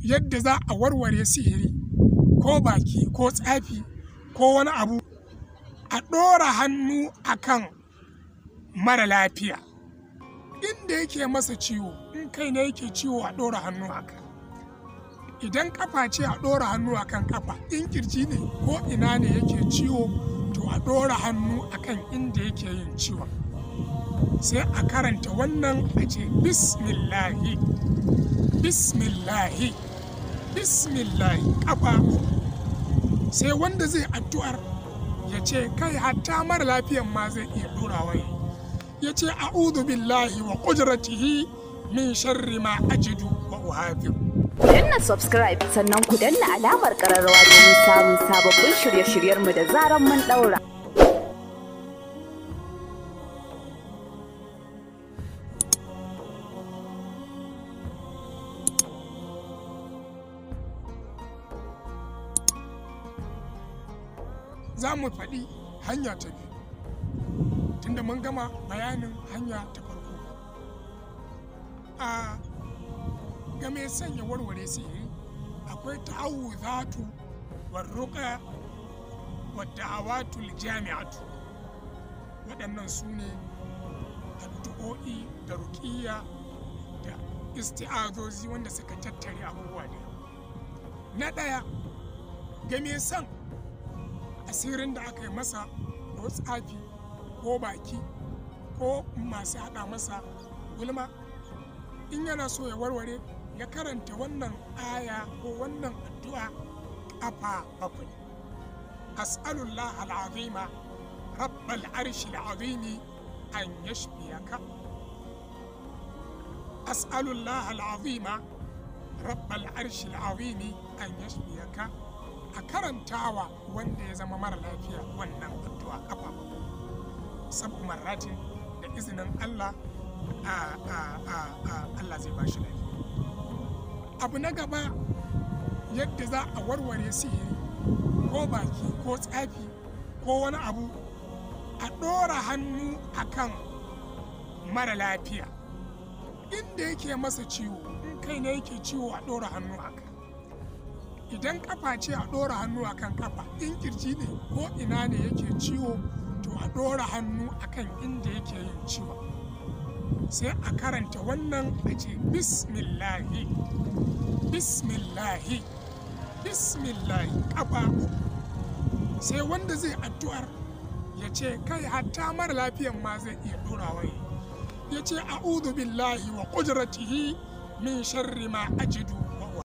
yadda za a warware sihiri ko baki ko tsafi ko wani abu a ɗora hannu a kan mara lafiya inda yake masa ciwo in kai ne yake ciwo a ɗora hannu a kan idan kafa ce a ɗora hannu a kan kafa in kirji ne ko ina ne yake ciwo to a ɗora hannu a kan inda yake yin ciwo sai a karanta wannan a ce bismillahi bismillahi bismillahi kafa sai wanda zai addu'ar ya ce kai hatta mara lafiyan ma zai iya ɗorawa ya ce a'udhu billahi wa ƙudratihi min sharri ma ajidu wa uhafir ku danna subscribe sannan ku danna alamar ƙararrawa domin samun sababbin shirye mu da zaran mun ɗaura za mu faɗi hanya ta biyu tunda mun gama bayanin hanya ta farko a game sanya warware sihiri akwai ta'awu zatu warruka wadda awatul jami'atu waɗannan su ne addu'o'i da ruƙiyya da isti'azozi wanda suka tattare abubuwa ne na ɗaya game san asirin da aka yi masa ko tsafi ko baki ko masu haɗa masa gulma in yana so ya warware ya karanta wannan aya ko wannan addu'a ƙafa bakwai as'alullah al'azima rabbal arshi al'azimi an yashfiyaka as'alullah al'azima rabbal arshi al'azimi an yashfiyaka a karantawa wanda ya zama mara lafiya wannan addu'a kafa sabu marratin da izinin Allah Allah zai bashi lafiya abu na gaba yadda za a warware sihiri ko baki ko tsafi ko wani abu a ɗora hannu akan mara lafiya inda yake masa ciwo in kai ne yake ciwo a ɗora hannu haka idan kafa ce a ɗora hannu a kan kafa in kirji ne ko ina ne yake ciwo to a ɗora hannu a kan inda yake yin ciwo sai a karanta wannan a ce bismillahi bismillahi bismillahi kafa sai wanda zai addu'ar ya ce kai hatta mara lafiyan ma zai iya ɗorawa ya ce a'udhu billahi wa ƙudratihi min sharri ma ajidu